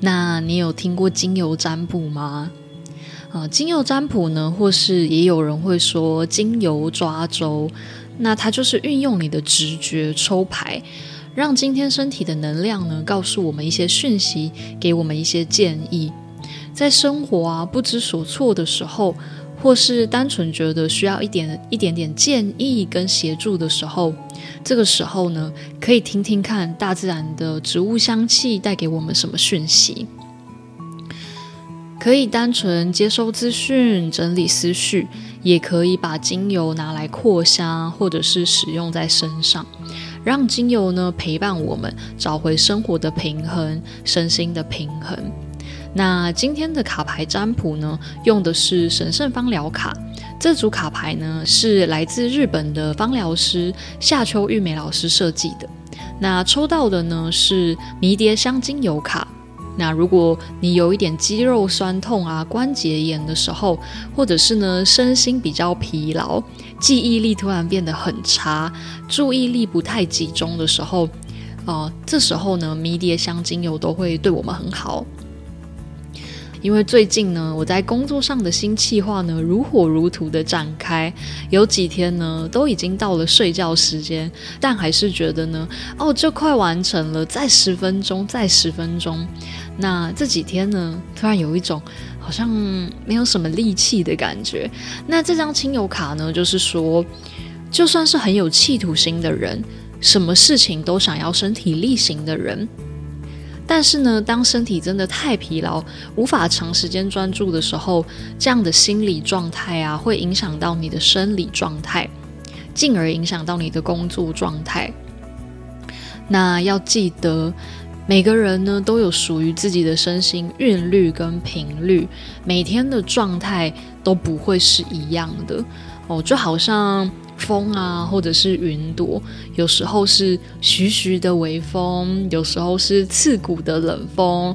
那你有聽過精油占卜嗎？啊、呃，精油占卜呢，或是也有人會說精油抓周，那它就是運用你的直覺抽牌，讓今天身體的能量呢，告訴我們一些訊息，給我們一些建議，在生活啊不知所措的時候。或是單純覺得需要一點，一點點建議跟協助的時候，這個時候呢，可以聽聽看大自然的植物香氣帶給我們什麼訊息，可以單純接收資訊、整理思緒，也可以把精油拿來擴香，或者是使用在身上，讓精油呢陪伴我們，找回生活的平衡、身心的平衡。那今天的卡牌占卜呢，用的是神聖芳療卡。這組卡牌呢是來自日本的芳療師夏秋玉美老師設計的。那抽到的呢是迷迭香精油卡。那如果你有一點肌肉痠痛啊、關節炎的時候，或者是呢身心比較疲勞、記憶力突然變得很差、注意力不太集中的時候，哦、呃，這時候呢迷迭香精油都會對我們很好。因為最近呢，我在工作上的新計劃呢如火如荼的展開，有幾天呢都已經到了睡覺時間，但還是覺得呢，哦，就快完成了，再十分鐘，再十分鐘。那這幾天呢，突然有一種好像沒有什麼力氣的感覺。那這張精油卡呢，就是說，就算是很有企圖心的人，什麼事情都想要身體力行的人。但是呢，當身體真的太疲勞，無法長時間專注的時候，這樣的心理狀態啊，會影響到你的生理狀態，進而影響到你的工作狀態。那要記得，每個人呢都有屬於自己的身心韻律跟頻率，每天的狀態都不會是一樣的哦，就好像。風啊，或者是雲朵，有時候是徐徐的微風，有時候是刺骨的冷風，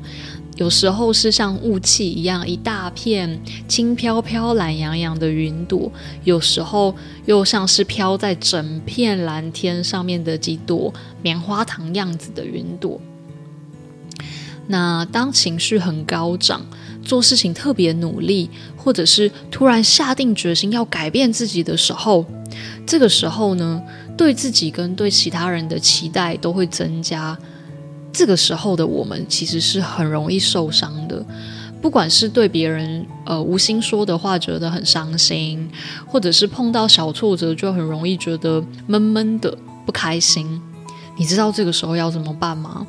有時候是像霧氣一樣一大片輕飄飄、懶洋洋的雲朵，有時候又像是飄在整片藍天上面的幾朵棉花糖樣子的雲朵。那當情緒很高漲，做事情特別努力，或者是突然下定決心要改變自己的時候，這個時候呢，對自己跟對其他人的期待都會增加。這個時候的我們其實是很容易受傷的，不管是對別人呃無心說的話覺得很傷心，或者是碰到小挫折就很容易覺得悶悶的不開心。你知道這個時候要怎麼辦嗎？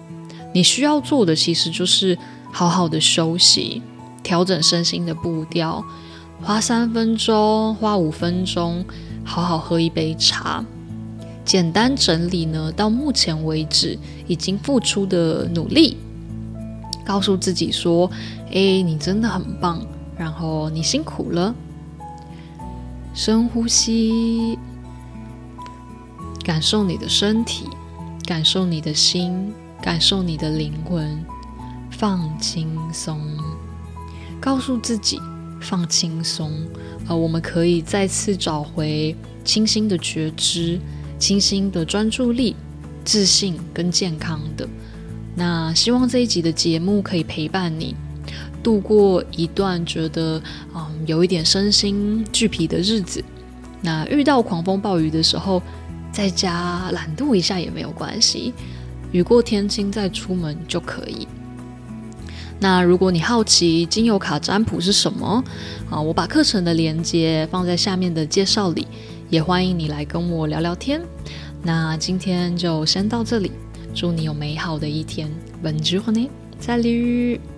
你需要做的其實就是好好的休息。調整身心的步調，花三分鐘，花五分鐘，好好喝一杯茶，簡單整理呢。到目前為止，已經付出的努力，告訴自己說：“哎，你真的很棒，然後你辛苦了。”深呼吸，感受你的身體，感受你的心，感受你的靈魂，放輕鬆。告訴自己放輕鬆，呃，我們可以再次找回清新的覺知、清新的專注力、自信跟健康的。那希望這一集的節目可以陪伴你度過一段覺得嗯有一點身心俱疲的日子。那遇到狂風暴雨的時候，在家懶惰一下也沒有關係，雨過天晴再出門就可以。那如果你好奇精油卡占卜是什麼啊，我把課程的鏈接放在下面的介紹裡，也歡迎你來跟我聊聊天。那今天就先到這裡，祝你有美好的一天，本之魂呢，再見。